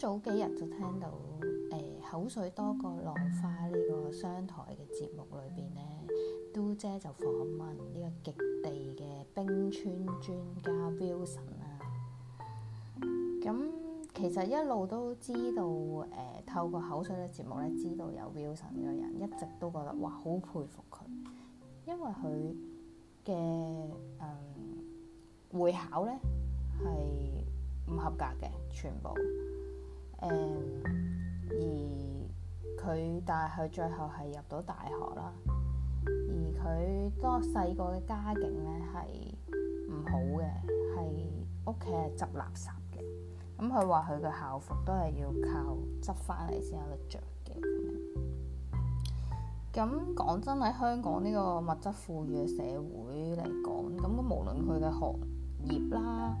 早幾日就聽到誒、欸、口水多過浪花呢個商台嘅節目裏邊呢，Do 姐就訪問呢個極地嘅冰川專家 Wilson 啦、啊。咁其實一路都知道誒、欸，透過口水嘅節目咧，知道有 Wilson 呢個人，一直都覺得哇，好佩服佢，因為佢嘅嗯會考呢係唔合格嘅，全部。誒、嗯，而佢但係佢最後係入到大學啦。而佢多細個嘅家境咧係唔好嘅，係屋企係執垃圾嘅。咁佢話佢嘅校服都係要靠執翻嚟先有得着嘅。咁講真喺香港呢個物質富裕嘅社會嚟講，咁無論佢嘅學業啦，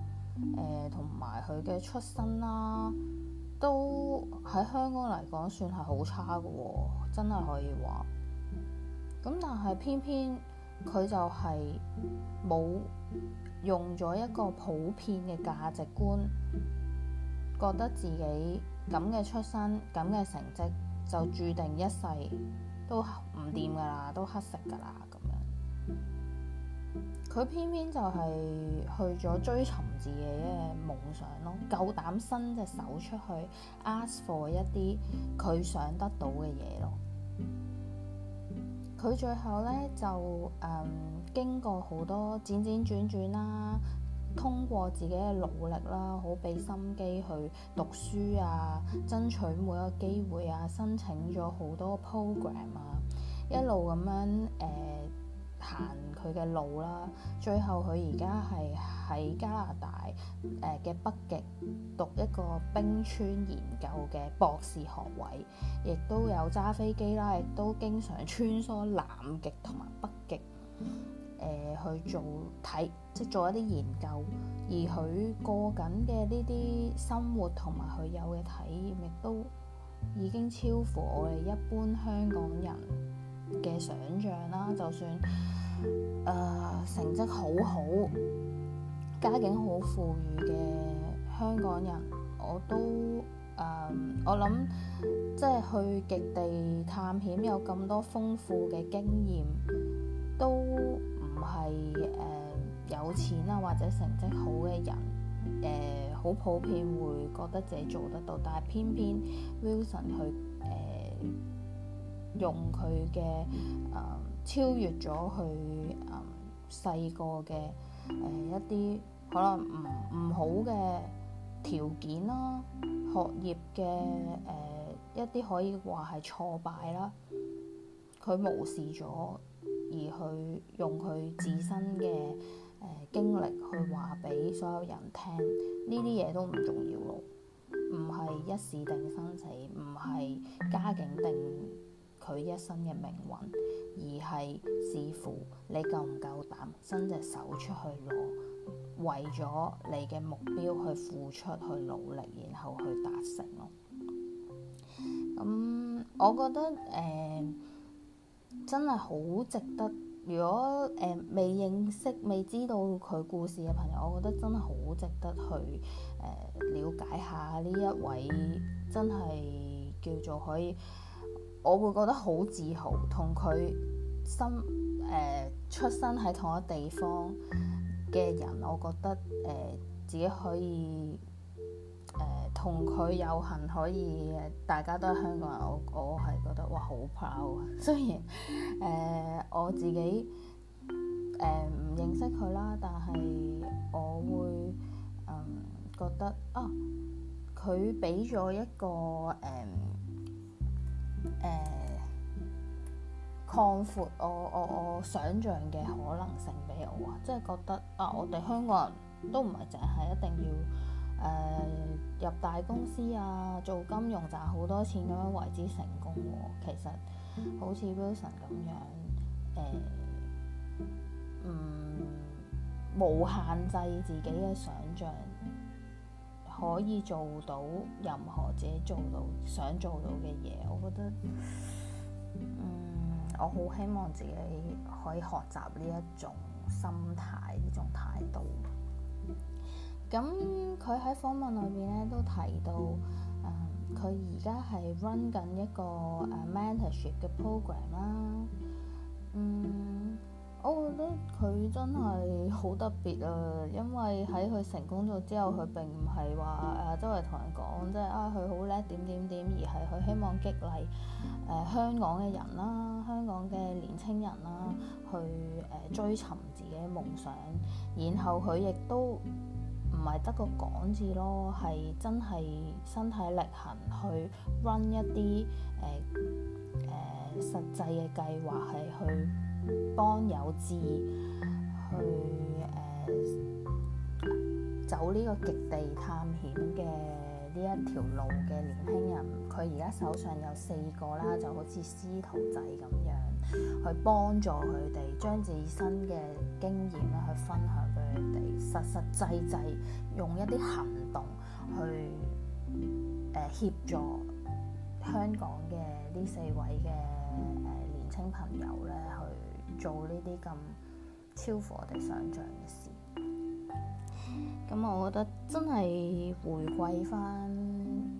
誒同埋佢嘅出身啦。都喺香港嚟講，算係好差嘅喎、哦，真係可以話。咁但係偏偏佢就係冇用咗一個普遍嘅價值觀，覺得自己咁嘅出身、咁嘅成績就注定一世都唔掂㗎啦，都乞食㗎啦咁樣。佢偏偏就係去咗追尋自己嘅夢想咯，夠膽伸隻手出去 ask for 一啲佢想得到嘅嘢咯。佢最後咧就誒、嗯、經過好多輾輾轉轉啦，通過自己嘅努力啦，好俾心機去讀書啊，爭取每一個機會啊，申請咗好多 program 啊，一路咁樣誒。呃行佢嘅路啦，最後佢而家係喺加拿大誒嘅、呃、北極讀一個冰川研究嘅博士學位，亦都有揸飛機啦，亦都經常穿梭南極同埋北極誒、呃、去做睇，即係做一啲研究。而佢過緊嘅呢啲生活同埋佢有嘅體驗亦都已經超乎我哋一般香港人嘅想象啦，就算誒、呃、成績好好、家境好富裕嘅香港人，我都誒、呃，我諗即係去極地探險有咁多豐富嘅經驗，都唔係誒有錢啊或者成績好嘅人誒，好、呃、普遍會覺得自己做得到，但係偏偏 Wilson 去誒。呃用佢嘅誒超越咗佢誒細個嘅誒一啲可能唔唔好嘅條件啦，學業嘅誒、呃、一啲可以話係挫敗啦，佢無視咗而去用佢自身嘅誒、呃、經歷去話俾所有人聽呢啲嘢都唔重要咯，唔係一時定生死，唔係家境定佢一生嘅命運，而係視乎你夠唔夠膽伸隻手出去攞，為咗你嘅目標去付出、去努力，然後去達成咯。咁、嗯、我覺得誒、呃、真係好值得。如果誒、呃、未認識、未知道佢故事嘅朋友，我覺得真係好值得去誒了解下呢一位真係叫做可以。我會覺得好自豪，同佢生誒出生喺同一地方嘅人，我覺得誒、呃、自己可以誒同佢有幸可以，大家都係香港人，我我係覺得哇好 proud！ 雖然誒、呃、我自己誒唔、呃、認識佢啦，但係我會嗯覺得啊，佢俾咗一個誒。呃誒，擴闊、呃、我我我想象嘅可能性俾我啊！即係覺得啊，我哋香港人都唔係淨係一定要誒、呃、入大公司啊，做金融賺好多錢咁樣為之成功，啊。其實好似 Wilson 咁樣，誒、呃，嗯，無限制自己嘅想象。可以做到任何自己做到想做到嘅嘢，我覺得，嗯，我好希望自己可以學習呢一種心態，呢種態度。咁佢喺訪問裏邊咧都提到，誒，佢而家係 run 緊一個誒、呃、mentorship 嘅 program 啦、啊，嗯。我覺得佢真係好特別啊！因為喺佢成功咗之後，佢並唔係話誒周圍同人講，即係啊佢好叻點點點，而係佢希望激勵誒香港嘅人啦、香港嘅年青人啦、啊，去誒、呃、追尋自己嘅夢想。然後佢亦都唔係得個講字咯，係真係身體力行去 run 一啲誒誒實際嘅計劃，係去，幫有志去誒、呃、走呢個極地探險嘅呢一條路嘅年輕人，佢而家手上有四個啦，就好似師徒仔咁樣去幫助佢哋，將自身嘅經驗咧去分享俾佢哋，實實際際用一啲行動去誒呃、協助香港嘅呢四位嘅誒、呃、年輕朋友咧去。做呢啲咁超乎我哋想象嘅事，咁我覺得真係回饋翻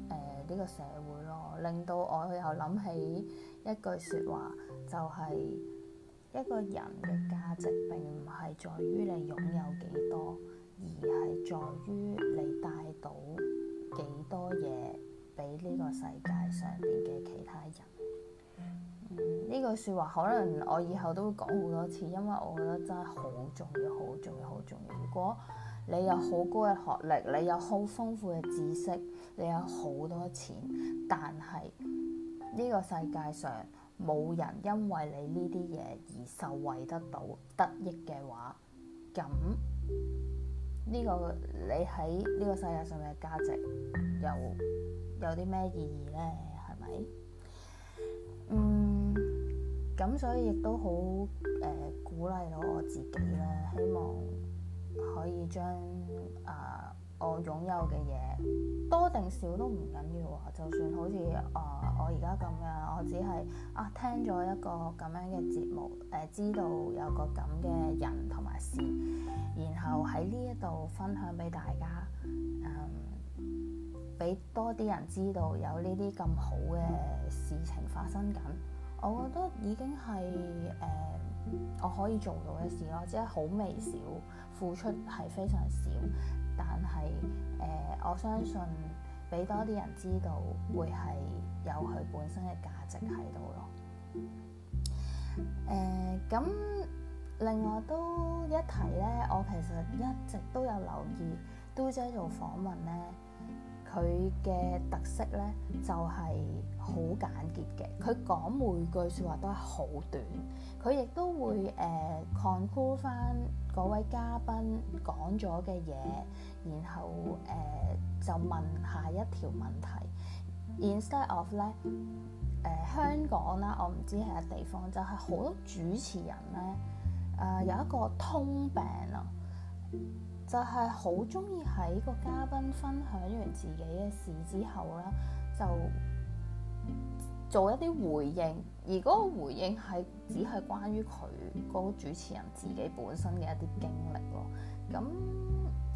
誒呢個社會咯，令到我又諗起一句說話，就係一個人嘅價值並唔係在於你擁有幾多，而係在於你帶到幾多嘢俾呢個世界上邊嘅其他人。嗯、呢句說話可能我以後都會講好多次，因為我覺得真係好重要、好重要、好重要。如果你有好高嘅學歷，你有好豐富嘅知識，你有好多錢，但係呢個世界上冇人因為你呢啲嘢而受惠得到得益嘅話，咁呢個你喺呢個世界上嘅價值又有啲咩意義呢？係咪？嗯。咁所以亦都好誒鼓勵到我自己咧，希望可以將啊、呃、我擁有嘅嘢，多定少都唔緊要喎。就算好似啊、呃、我而家咁樣，我只係啊聽咗一個咁樣嘅節目，誒、呃、知道有個咁嘅人同埋事，然後喺呢一度分享俾大家，嗯、呃，俾多啲人知道有呢啲咁好嘅事情發生緊。我覺得已經係誒、呃、我可以做到嘅事咯，即係好微小，付出係非常少，但係誒、呃、我相信俾多啲人知道，會係有佢本身嘅價值喺度咯。誒、呃、咁，另外都一提咧，我其實一直都有留意，Do 姐做訪問咧。佢嘅特色咧就係、是、好簡潔嘅，佢講每句説話都係好短，佢亦都會誒 conclude 翻嗰位嘉賓講咗嘅嘢，然後誒、呃、就問下一條問題。Instead of 咧、呃、誒香港啦，我唔知其他地方，就係、是、好多主持人咧，誒、呃、有一個通病啊。就係好中意喺個嘉賓分享完自己嘅事之後咧，就做一啲回應，而嗰個回應係只係關於佢嗰個主持人自己本身嘅一啲經歷咯。咁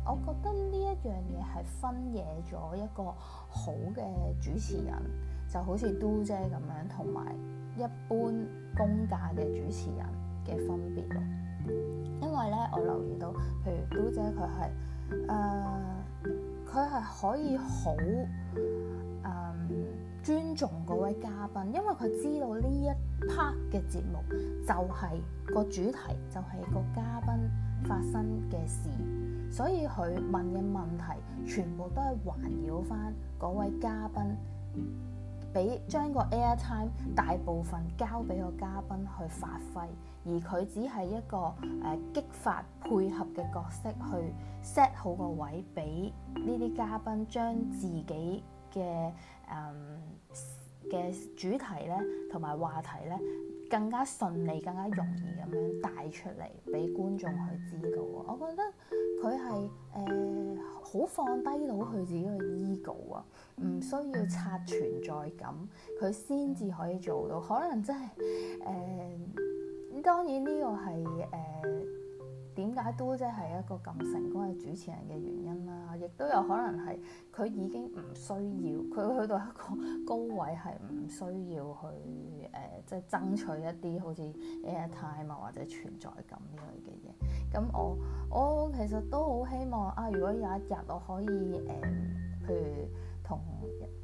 我覺得呢一樣嘢係分野咗一個好嘅主持人，就好似 Do 姐咁樣，同埋一般公價嘅主持人嘅分別咯。因為咧，我留意到，譬如 Do 姐佢係誒，佢、呃、係可以好、呃、尊重嗰位嘉賓，因為佢知道呢一 part 嘅節目就係個主題，就係、是、個嘉賓發生嘅事，所以佢問嘅問題全部都係環繞翻嗰位嘉賓。俾將個 airtime 大部分交俾個嘉賓去發揮，而佢只係一個誒激發配合嘅角色去 set 好個位，俾呢啲嘉賓將自己嘅誒。嗯嘅主題咧，同埋話題咧，更加順利、更加容易咁樣帶出嚟俾觀眾去知道。我覺得佢係誒好放低到佢自己嘅 ego 啊，唔需要刷存在感，佢先至可以做到。可能真係誒、呃，當然呢個係誒。呃點解都即係一個咁成功嘅主持人嘅原因啦，亦都有可能係佢已經唔需要，佢去到一個高位係唔需要去誒，即、呃、係、就是、爭取一啲好似 airtime 啊或者存在感呢類嘅嘢。咁我我其實都好希望啊，如果有一日我可以誒、呃，譬如同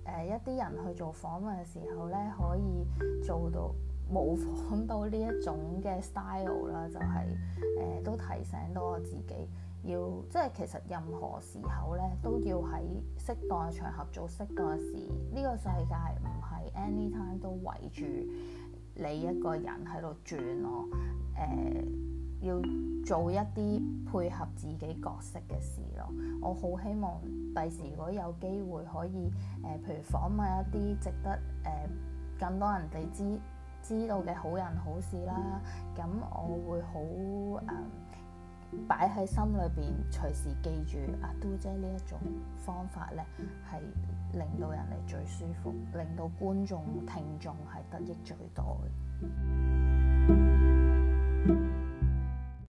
誒一啲、呃、人去做訪問嘅時候咧，可以做到。模仿到呢一種嘅 style 啦，就係、是、誒、呃、都提醒到我自己要，要即係其實任何時候呢都要喺適當嘅場合做適當嘅事。呢、這個世界唔係 anytime 都圍住你一個人喺度轉咯。誒、呃、要做一啲配合自己角色嘅事咯。我好希望第時如果有機會可以誒、呃，譬如訪問一啲值得誒、呃、更多人哋知。知道嘅好人好事啦，咁我會好誒擺喺心裏邊，隨時記住阿 Do 姐呢一種方法咧，係令到人哋最舒服，令到觀眾聽眾係得益最多嘅。